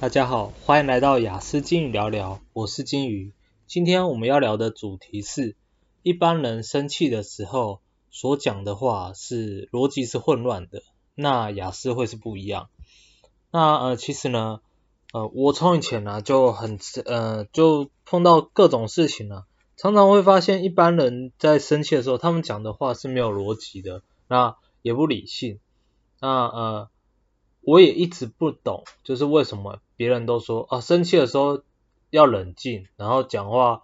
大家好，歡迎來到亞斯金魚聊聊，我是金魚。今天我們要聊的主題是一般人生氣的時候所講的話是邏輯是混亂的，那亞斯會是不一樣。那呃，其實呢，呃，我從以前呢、啊、就很呃就碰到各種事情呢、啊，常常會發現一般人在生氣的時候，他們講的話是沒有邏輯的，那也不理性。那呃，我也一直不懂，就是為什麼。別人都說啊，生氣的時候要冷靜，然後講話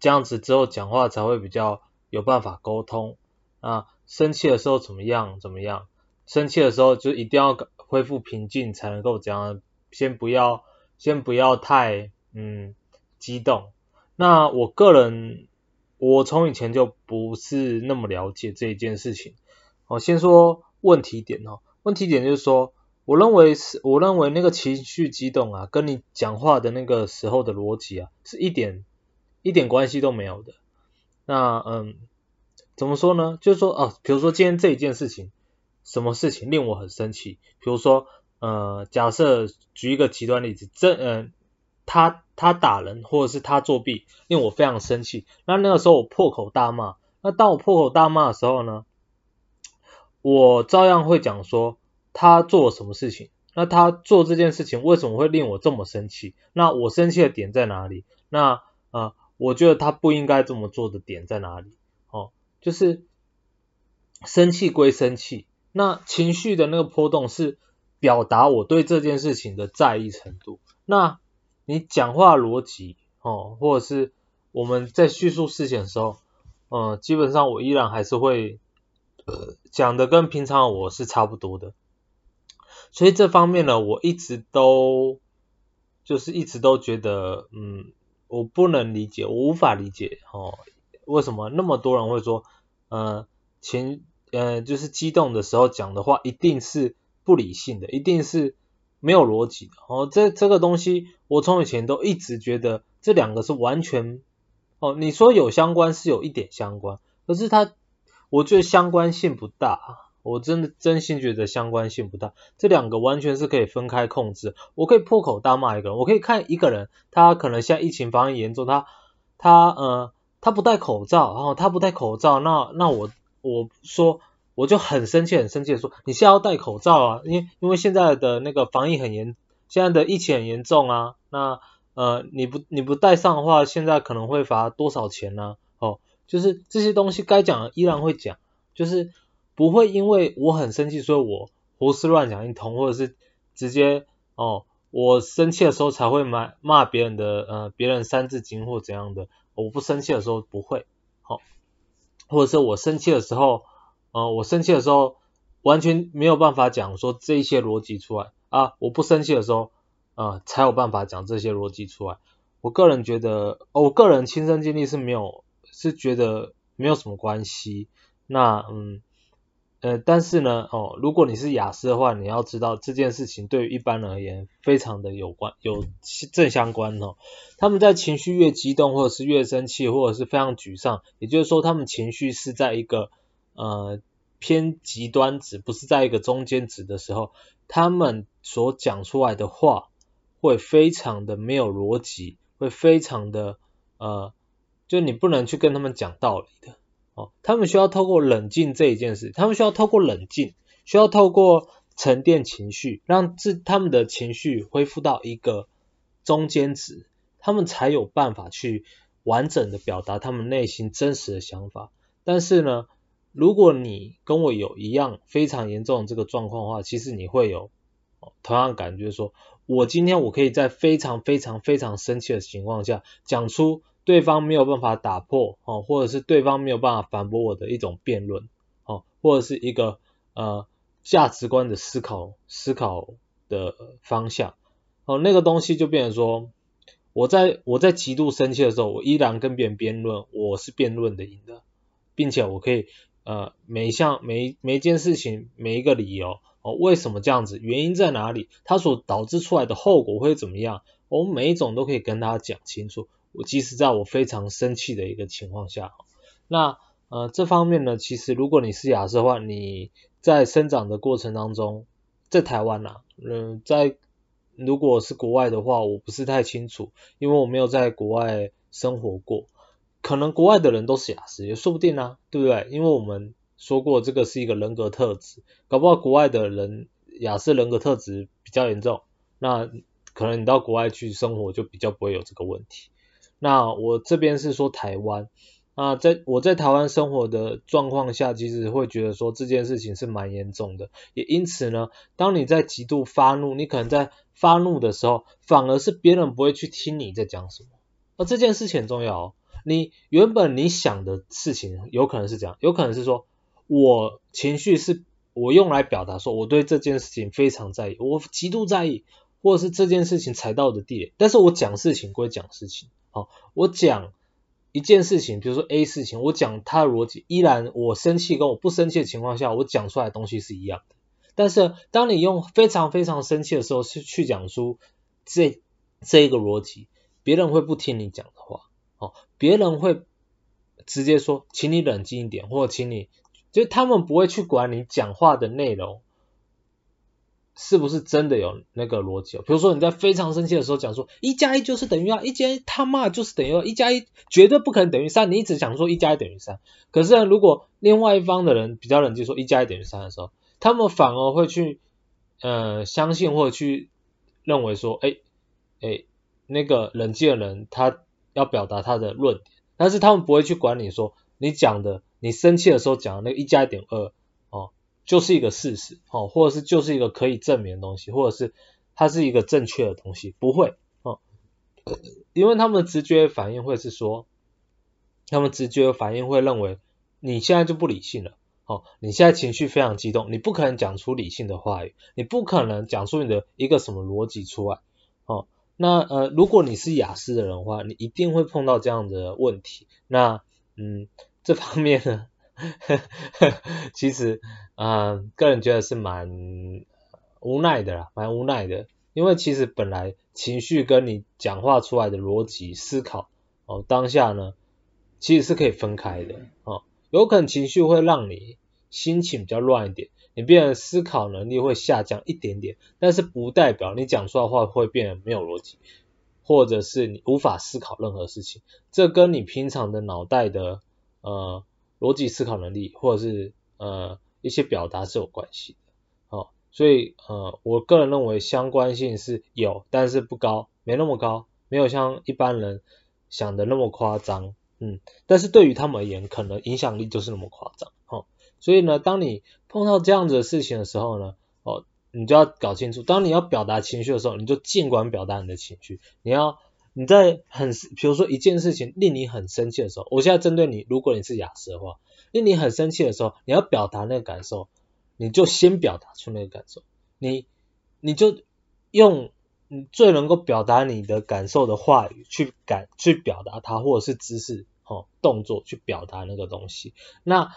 這樣子之後講話才會比較有辦法溝通啊。生氣的時候怎麼樣？怎麼樣？生氣的時候就一定要恢復平靜才能夠怎樣？先不要，先不要太嗯激動。那我個人，我從以前就不是那麼了解這一件事情。我先說問題點哦，問題點就是說。我認為是，我認為那個情緒激動啊，跟你講話的那個時候的邏輯啊，是一點一點關係都沒有的。那嗯，怎麼說呢？就是說哦，比如說今天這一件事情，什麼事情令我很生氣？比如說呃，假設舉一個極端例子，這嗯、呃，他他打人，或者是他作弊，令我非常生氣。那那個時候我破口大罵。那當我破口大罵的時候呢，我照樣會講說。他做了什麼事情？那他做這件事情為什麼會令我這麼生氣？那我生氣的點在哪裡？那啊、呃，我覺得他不應該這麼做的點在哪裡？哦，就是生氣歸生氣，那情緒的那個波動是表達我對這件事情的在意程度。那你講話邏輯哦，或者是我們在敘述事情的時候，嗯、呃，基本上我依然還是會講、呃、的跟平常我是差不多的。所以這方面呢，我一直都就是一直都覺得，嗯，我不能理解，我無法理解哦，為什麼那麼多人會說，呃，前呃就是激動的時候講的話一定是不理性的，一定是沒有邏輯的哦。這這個東西，我從以前都一直覺得這兩個是完全哦，你說有相關是有一點相關，可是它我覺得相關性不大。我真的真心覺得相關性不大，這兩個完全是可以分開控制。我可以破口大罵一個人，我可以看一個人，他可能現在疫情防疫嚴重，他他呃他不戴口罩，然後他不戴口罩，那那我我說我就很生氣很生氣的說，你現在要戴口罩啊，因為因為現在的那個防疫很嚴，現在的疫情很嚴重啊，那呃你不你不戴上的話，現在可能會罰多少錢呢？哦，就是這些東西該講的依然會講，就是。不會因為我很生氣，所以我胡思亂想一通，或者是直接哦，我生氣的時候才會罵罵別人的呃別人三字經或怎樣的，我不生氣的時候不會好、哦，或者是我生氣的時候，呃我生氣的時候完全沒有辦法講說這些邏輯出來啊，我不生氣的時候，呃才有辦法講這些邏輯出來。我個人覺得，哦、我個人親身經歷是沒有是覺得沒有什麼關係。那嗯。呃，但是呢，哦，如果你是亞斯的話，你要知道這件事情對於一般人而言非常的有關有正相關哦。他們在情緒越激動，或者是越生氣，或者是非常沮喪，也就是說他們情緒是在一個呃偏極端值，不是在一個中間值的時候，他們所講出來的話會非常的沒有邏輯，會非常的呃，就你不能去跟他們講道理的。他們需要透過冷靜這一件事，他們需要透過冷靜，需要透過沉澱情緒，讓自他們的情緒恢復到一個中間值，他們才有辦法去完整的表達他們內心真實的想法。但是呢，如果你跟我有一樣非常嚴重的這個狀況的話，其實你會有同樣感覺說，說我今天我可以在非常非常非常生氣的情況下講出。對方沒有辦法打破哦，或者是對方沒有辦法反駁我的一種辯論哦，或者是一個呃價值觀的思考思考的方向哦，那個東西就變成說，我在我在極度生氣的時候，我依然跟別人辯論，我是辯論的贏的，並且我可以呃每一項每每一件事情每一個理由哦，為什麼這樣子，原因在哪裡，它所導致出來的後果會怎麼樣，我們每一種都可以跟大家講清楚。我即使在我非常生氣的一個情況下，那呃這方面呢，其實如果你是亞斯的話，你在生長的過程當中，在台灣啊，嗯，在如果是國外的話，我不是太清楚，因為我沒有在國外生活過，可能國外的人都是亞斯也說不定啊，對不對？因為我們說過這個是一個人格特質，搞不好國外的人亞斯人格特質比較嚴重，那可能你到國外去生活就比較不會有這個問題。那我這邊是說台灣，那、啊、在我在台灣生活的狀況下，其實會覺得說，這件事情是蠻嚴重的，也因此呢，當你在極度發怒，你可能在發怒的時候，反而是別人不會去聽你在講什麼。那這件事情很重要，哦，你原本你想的事情，有可能是這樣，有可能是說，我情緒是我用來表達說我對這件事情非常在意，我極度在意，或者是這件事情踩到的地雷，但是我講事情歸講事情。我講一件事情，比如說 A 事情，我講他的邏輯，依然我生氣跟我不生氣的情況下，我講出來的東西是一樣的。但是當你用非常非常生氣的時候，去去講出這這一個邏輯，別人會不聽你講的話，哦，別人會直接說，請你冷靜一點，或者請你，就是他們不會去管你講話的內容。是不是真的有那個邏輯？比如說你在非常生氣的時候講說一加一就是等於二、啊，一加一他媽就是等於二、啊，一加一絕對不可能等於三，你一直講說一加一等於三。可是呢，如果另外一方的人比較冷靜說一加一等於三的時候，他們反而會去呃相信或者去認為說哎哎、欸欸、那個冷靜的人他要表達他的論點，但是他們不會去管你說你講的你生氣的時候講的那個一加一點二。就是一個事實，或者是就是一個可以證明的東西，或者是它是一個正確的東西，不會，嗯，因為他們的直覺反應會是說，他們直覺反應會認為你現在就不理性了，哦、嗯，你現在情緒非常激動，你不可能講出理性的話語，你不可能講出你的一個什麼邏輯出來，哦、嗯，那呃，如果你是亞斯的人的話，你一定會碰到這樣的問題，那嗯，這方面呢？ 其實，啊、呃，個人覺得是蠻無奈的啦，蠻無奈的。因為其實本來情緒跟你講話出來的邏輯思考，哦，當下呢，其實是可以分開的。哦，有可能情緒會讓你心情比較亂一點，你變成思考能力會下降一點點，但是不代表你講出來的話會變成沒有邏輯，或者是你無法思考任何事情。這跟你平常的腦袋的，呃。邏輯思考能力或者是呃一些表達是有關係的，好，所以呃我個人認為相關性是有，但是不高，沒那麼高，沒有像一般人想的那麼誇張，嗯，但是對於他們而言，可能影響力就是那麼誇張，好，所以呢，當你碰到這樣子的事情的時候呢，哦，你就要搞清楚，當你要表達情緒的時候，你就儘管表達你的情緒，你要，你在很比如說一件事情令你很生氣的時候，我現在針對你，如果你是亞斯的話，令你很生氣的時候，你要表達那個感受，你就先表達出那個感受，你你就用你最能夠表達你的感受的話語去感去表達它，或者是姿勢哦動作去表達那個東西。那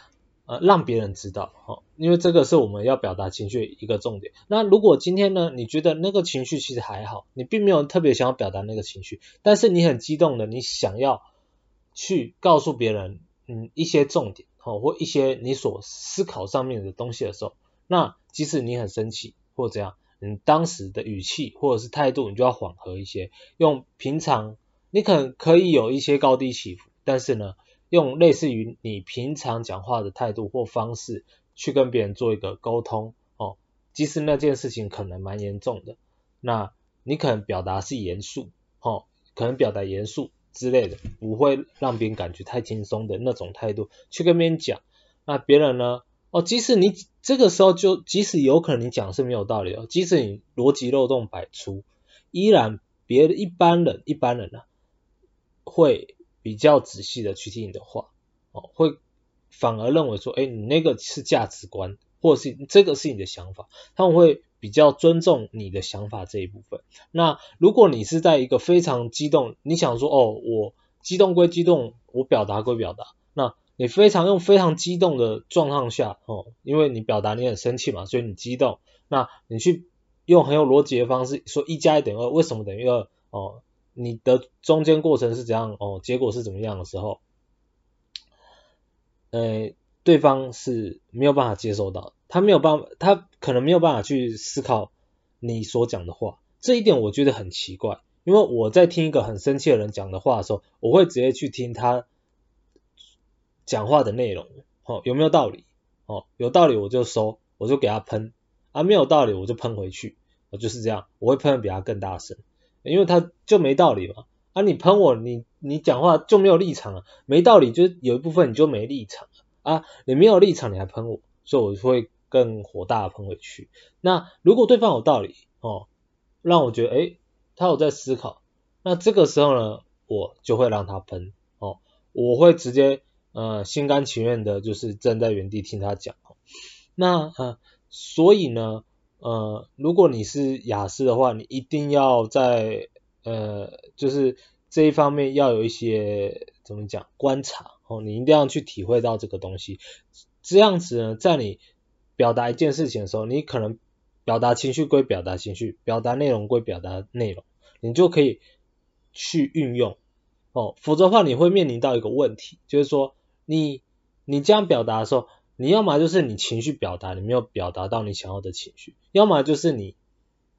讓別人知道，好，因為這個是我們要表達情緒的一個重點。那如果今天呢，你覺得那個情緒其實還好，你並沒有特別想要表達那個情緒，但是你很激動的，你想要去告訴別人，嗯，一些重點，好，或一些你所思考上面的東西的時候，那即使你很生氣或者怎樣，你當時的語氣或者是態度，你就要緩和一些，用平常，你可能可以有一些高低起伏，但是呢。用類似於你平常講話的態度或方式去跟別人做一個溝通哦，即使那件事情可能蠻嚴重的，那你可能表達是嚴肅，哦，可能表達嚴肅之類的，不會讓別人感覺太輕鬆的那種態度去跟別人講，那別人呢，哦，即使你這個時候就即使有可能你講的是沒有道理哦，即使你邏輯漏洞百出，依然別人，一般人一般人呢，啊，會。比較仔細的去聽你的話，哦，會反而認為說，哎、欸，你那個是價值觀，或者是這個是你的想法，他們會比較尊重你的想法這一部分。那如果你是在一個非常激動，你想說，哦，我激動歸激動，我表達歸表達，那你非常用非常激動的狀況下，哦，因為你表達你很生氣嘛，所以你激動，那你去用很有邏輯的方式說一加一等於二，為什麼等於二？哦。你的中間過程是怎樣？哦，結果是怎麼樣的時候，呃，對方是沒有辦法接受到，他沒有辦法，他可能沒有辦法去思考你所講的話。這一點我覺得很奇怪，因為我在聽一個很生氣的人講的話的時候，我會直接去聽他講話的內容，哦，有沒有道理？哦，有道理我就收，我就給他噴；啊，沒有道理我就噴回去，我就是這樣，我會噴得比他更大聲。因為他就沒道理嘛，啊，你噴我，你你講話就沒有立場了，啊，沒道理就有一部分你就沒立場啊，啊你沒有立場你還噴我，所以我就會更火大噴回去。那如果對方有道理哦，讓我覺得哎，他有在思考，那這個時候呢，我就會讓他噴哦，我會直接嗯，呃，心甘情願的，就是站在原地聽他講哦。那嗯，呃，所以呢。呃，如果你是亞斯的話，你一定要在呃，就是這一方面要有一些怎麼講觀察哦，你一定要去體會到這個東西。這樣子呢，在你表達一件事情的時候，你可能表達情緒歸表達情緒，表達內容歸表達內容，你就可以去運用哦。否則的話，你會面臨到一個問題，就是說你你這樣表達的時候。你要麼就是你情緒表達你沒有表達到你想要的情緒，要麼就是你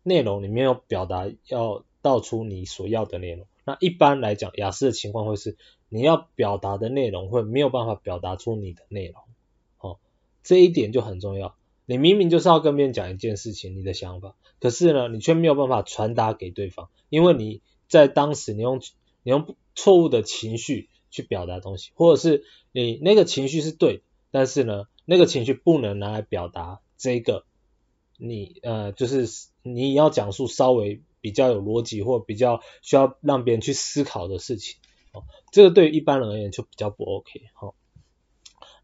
內容你沒有表達要道出你所要的內容。那一般來講，亞斯的情況會是你要表達的內容會沒有辦法表達出你的內容，哦，這一點就很重要。你明明就是要跟別人講一件事情，你的想法，可是呢，你卻沒有辦法傳達給對方，因為你在當時你用你用錯誤的情緒去表達東西，或者是你那個情緒是對，但是呢。那個情緒不能拿來表達這個你，你呃，就是你要講述稍微比較有邏輯或比較需要讓別人去思考的事情，哦，這個對於一般人而言就比較不 OK，好、哦。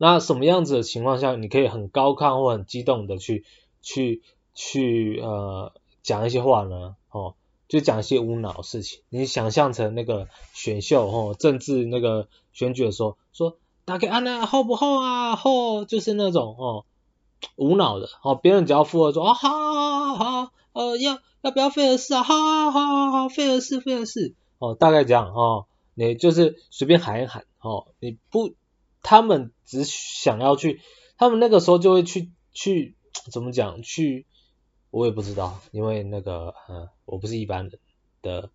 那什麼樣子的情況下，你可以很高亢或很激動的去去去呃講一些話呢？哦，就講一些無腦的事情，你想象成那個選秀哦，政治那個選舉的時候說。大概按那厚不厚啊，厚，就是那種哦，無腦的哦，別人只要附和說，啊好啊好啊好，呃，要要不要費爾斯啊好啊好啊好費爾斯費爾斯哦，哦，哦大概這樣啊、哦、你就是隨便喊一喊哦，你不他們只想要去他們那個時候就會去去怎麼講去，我也不知道因為那個嗯、呃、我不是一般人的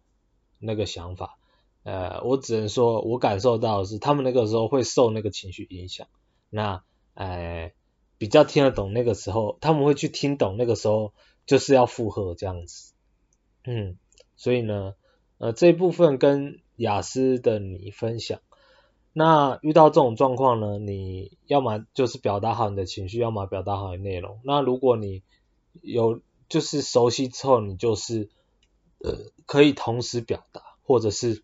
那個想法。呃，我只能說我感受到的是他們那個時候會受那個情緒影響。那，哎、呃，比較聽得懂那個時候，他們會去聽懂那個時候就是要附和這樣子。嗯，所以呢，呃，這一部分跟亞斯的你分享。那遇到這種狀況呢，你要麼就是表達好你的情緒，要麼表達好你內容。那如果你有就是熟悉之後，你就是呃可以同時表達，或者是。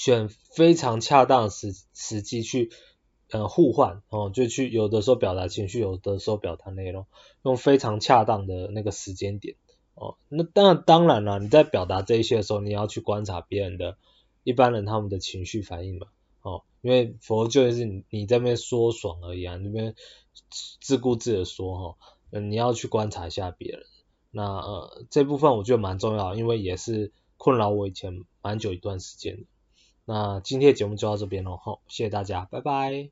選非常恰當的時時機去，呃，互換哦，就去有的時候表達情緒，有的時候表達內容，用非常恰當的那個時間點哦。那當然當然啦，你在表達這一些的時候，你要去觀察別人的一般人他們的情緒反應嘛，哦，因為否則就是你你在那邊說爽而已啊，那邊自顧自的說哈、哦呃。你要去觀察一下別人。那呃這部分我覺得蠻重要，因為也是困擾我以前蠻久一段時間。那今天的節目就到這邊了，好，謝謝大家，拜拜。